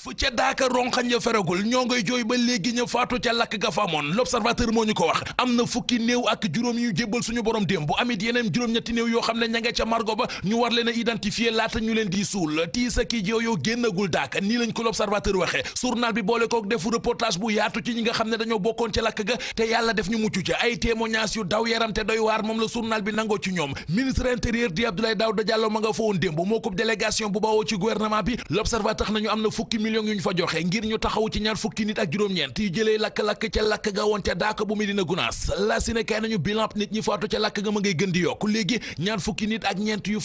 fu ca daaka ronxañ ya feragul ñoo ngay jooy ba léegi ña faatu ca lakk ga fa amoon l'observateur moo ñu ko wax am na fukki néew ak juróom yu jébbal suñu borom démb bu amit yeneen juróom-ñetti néew yoo xam ne ña nga ca margo ba ñu war leen a identifier laata ñu leen di suul tii sa ki jooyoo génnagul daaka nii lañ ko l'observateur waxee journal bi boole kook defu reportage bu yaatu ci ñi nga xam ne dañoo bokkoon ca lakk ga te yàlla def ñu mucc ca ay témoignages yu daw millions yu ñu fa joxe ngir ñu taxaw ci ñaar fukki nit ak juróom-ñeent yu jëlee lakk-lakk ca lakk ga woon ca daaka bu Medina Gunaas la si ne kay nañu bilan nit ñi faatu ca lakk ga ma ngay gën di yokk léegi ñaar fukki nit ak ñett yu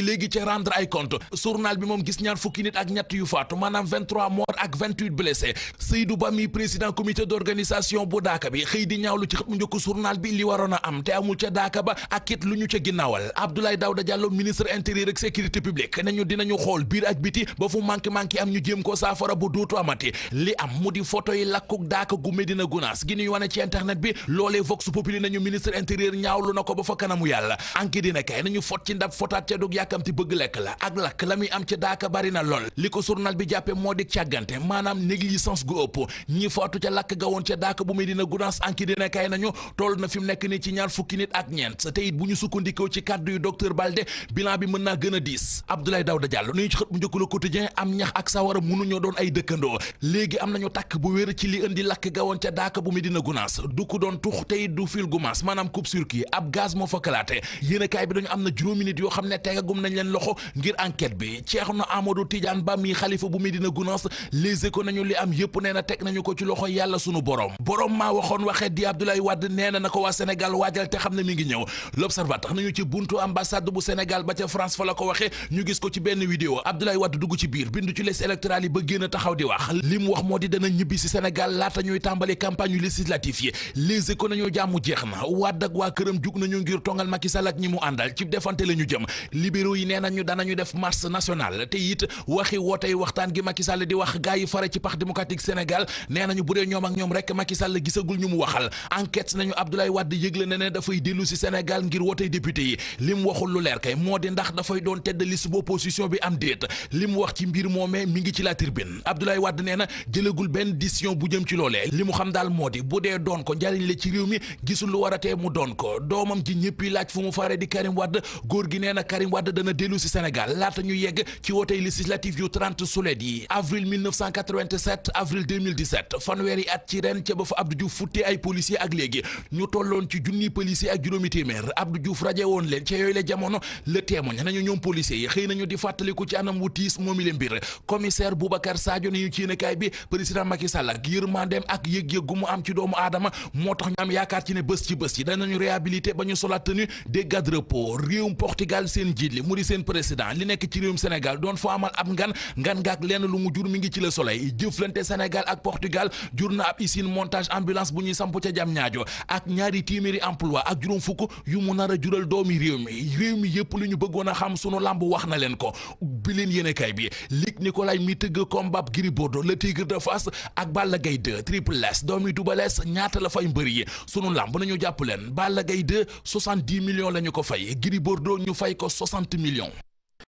faatu bi moom gis ñaar fukki nit ak ñett yu faatu maanaam 23 ak 28 blessés Ba mi président comité d'organisation bu daaka bi xëy di ñaawlu ci xët mu njëkk journal bi li waroon a am te amul ca daaka ba ak it lu ñu ca ginnaawal Abdoulaye Daouda Diallo ministre intérieur ak sécurité publique nañu dinañu xool biir ak biti ba fu manqué manqué am ñu jéem ko saafara bu duutu amati li am mu di photo yi lakkuk daaka gu Medina Gounass gi ñuy wane ci internet bi loolee vox populi nañu ministre intérieur ñaawlu na ko ba fa kanamu yàlla anki la ak lakk la muy am ca daaka bari na lool li ko journal bi di càggante ca lakk ga woon ca daaka bu Medina Gounass anki dina kay nañu toll na fi mu nekk nii ci ñaar fukki nit ak ñeent te it bu ñu sukkandikoo ci kàddu yu docteur Balde bilan bi mën naa gën a diis Abdoulaye Daouda Diallo nuñu ci xët bu njëkk Le Quotidien am ñax ak sawara mënuñoo doon ay dëkkandoo léegi am nañu takk bu wér ci li indi lakk ga woon ca daaka bu Medina Gounass du ko doon tux te du fil Gounass maanaam coupe-circuit ab gaz moo fa kalaate yéenekaay bi dañu am na juróomi yoo xam ne tegagum nañ leen loxo ngir enquête bi Cheikhouna Amadou Tidiane Ba mi xalifa bu Medina Gounass les éco nañu li am yëpp nee na teg nañu ko ci loxo yàlla sunu borom borom maa waxoon waxee di Abdoulaye Wade nee na na ko waa Sénégal waajal te xam ne mi ngi ñëw l'observateur tax nañu ci buntu ambassade bu Sénégal ba ca France fa la ko waxee ñu gis ko ci benn vidéo Abdoulaye Wade dugg ci biir bindu ci les électorales yi ba génn taxaw di wax li wax moo di dana ñibbi si Sénégal laata ñuy tàmbali campagne yu législative yi les éco nañu jàmm jeex na Wade ak waa këram jug nañu ngir tongal Macky Sall ak ñi mu àndal ci defante la gi Macky Sall di wax gaa yi fare ci Parti démocratique Sénégal ñoom ak ñoom rek Macky Sall gisagul ñu mu waxal enquête nañu Abdoulaye Wade yëgle na ne dafay dellu si Sénégal ngir wote député yi li waxul lu leer kay moo di ndax dafay doon tedd liste bu opposition bi am déet li mu wax ci mbir moomee mi ngi ci la tribune Abdoulaye Wade nee na jëlagul benn décision bu jëm ci loolee li xam daal moo di bu dee doon ko njariñ la ci réew mi gis lu war mu doon ko doomam ji ñëppi laaj fu mu faare di Karim Wade góor gi nee na Karim Wade dana ñu yegg ci wote législative yu 30 sulet yi avril 1987 ñaari at ci ren ca ba fa Abdou Diouf futtee ay policier ak léegi ñu tolloon ci junni policier ak juróomi téeméer Abdou Diouf woon leen ca yooyu la jamono le témoigne nañu ñoom policier yi xëy nañu di fàttaliku ci anam wu tiis moomi leen mbir commissaire Boubacar Sadio nañu ci yéenekaay bi président Macky Sall ak yërmandeem ak yëg-yëg mu am ci doomu aadama moo tax ñu am yaakaar ci ne bés ci bés ci danañu réhabilité ba ñu solaat tenue des gardes repos réewum Portugal seen jiit li mu di seen président li nekk ci réewum Sénégal doon fa amal ab ngan ngan ngaak lenn mu jur mi ngi ci Le Soleil jëflante Sénégal ak Portugal jur jur na ab usine montage ambulance bu ñuy samp ca jam ñaajo ak ñaari téeméeri emploi ak juróom fukk yu mu nar a jural doomi réew mi mi yépp lu ñu bëggoon a xam sunu làmb wax na leen ko bi leen yéene kay bi Luc Nicolaï mi tëgg combat Gris Bordeaux le tigre de Fass ak Balla Gaye 2 Triple S doomi Double S ñaata la fay mbër yi sunu làmb nañu jàpp leen Balla Gaye 2 soixante-dix millions la ñu ko fay Gris Bordeaux ñu fay ko soixante millions